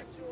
Thank you.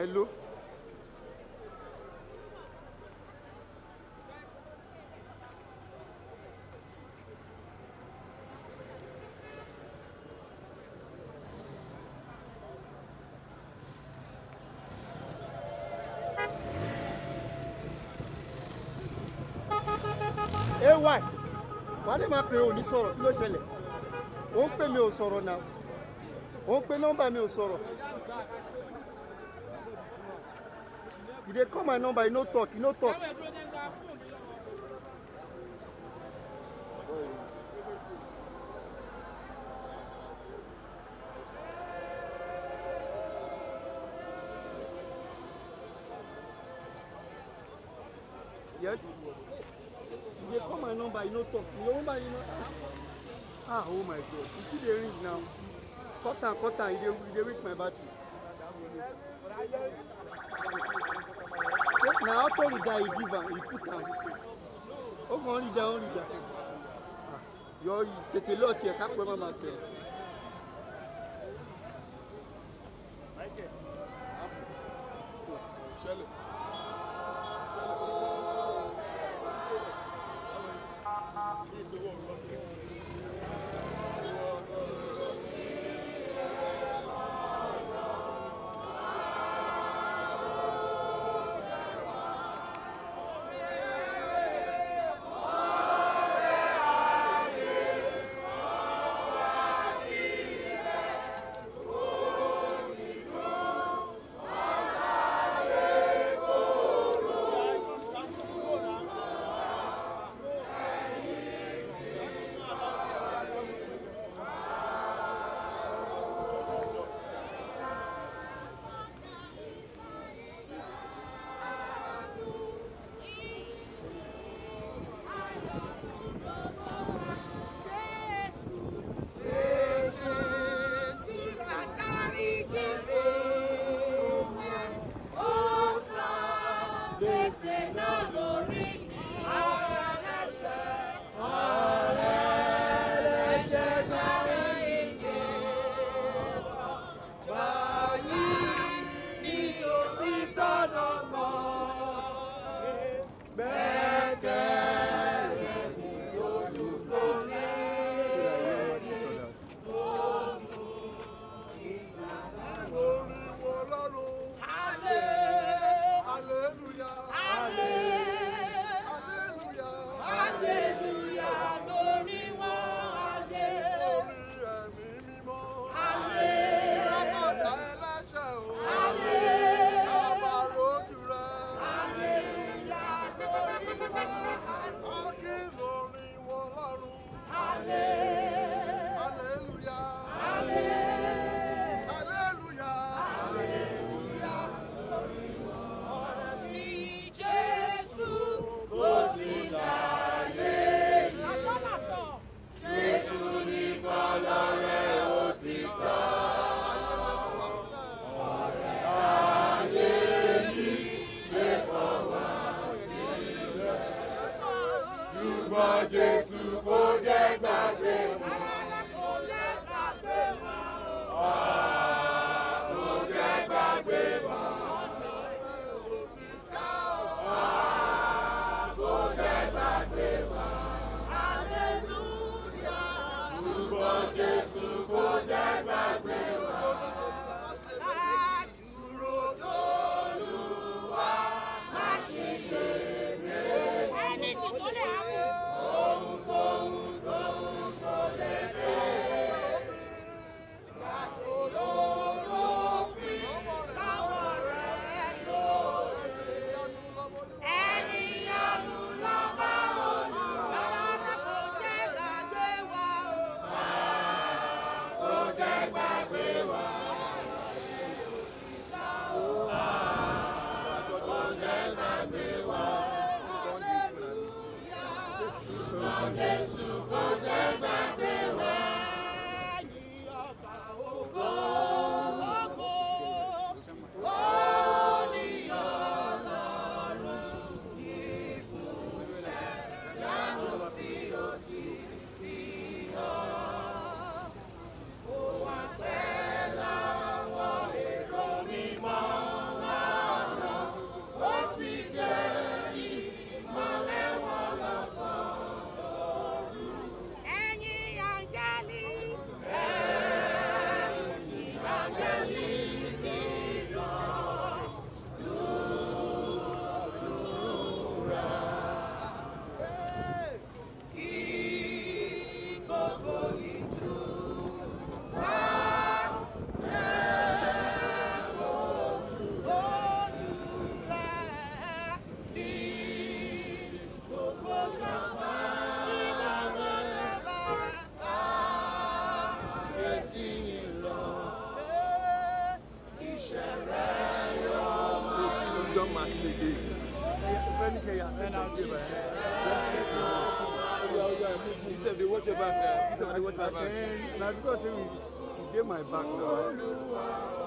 Hello. ay wàá lè máa pè ò ní sọ̀rọ̀ kí ló ṣẹlẹ̀ ò ń pè mí ò sọ̀rọ̀ náà o ń pè nọ́mbà mi ò sọ̀rọ̀ you dey call my number you no talk you no talk. yes you dey call my number you no talk your number you no ah. ah oh my god you see the ring now cut am cut am e dey e weak my battery na auto leader he give am he put am ó kàn ń rí ja ó ń rí ja yọ tètè lọ́ọ̀tì ẹ̀ ká pẹ́ má máa tẹ̀ don't match the game. you can accept the game, he said they watch your back. Eh? He said they watch your back. Now because he gave my back now.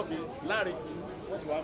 ok Larry. wọ́n ti wá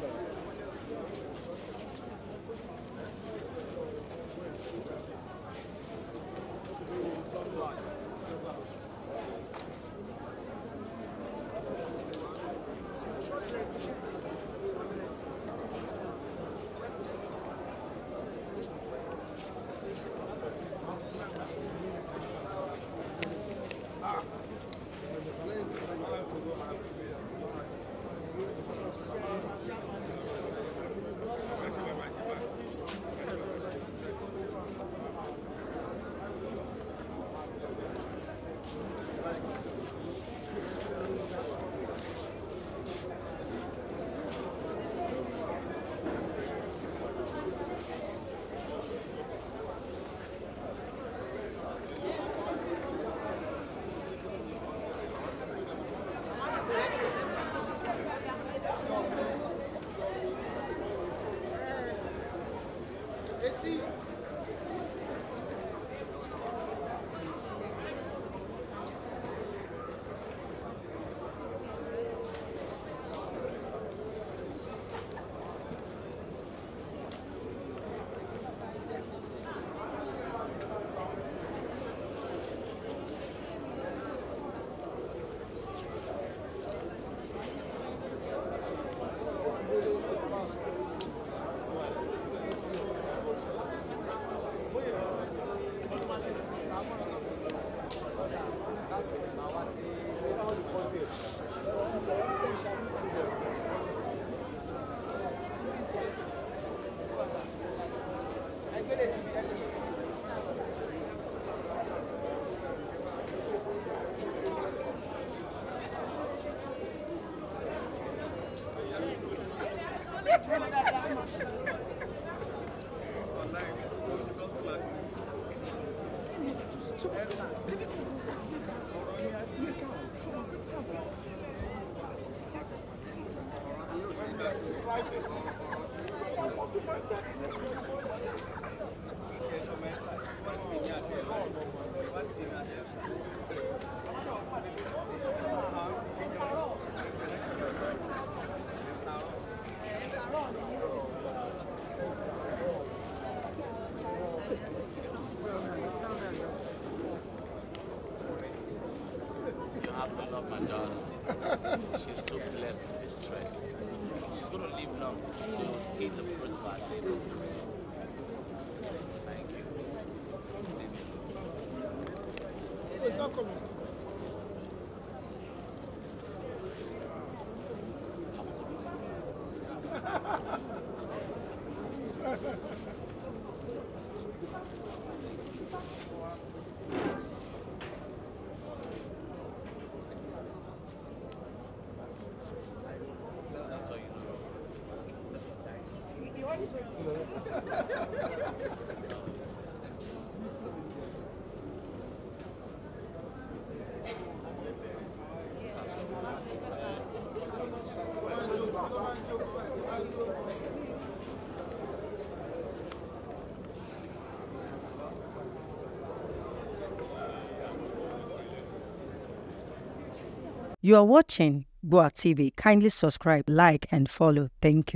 Brasil! down. You are watching Boa TV. Kindly subscribe, like, and follow. Thank you.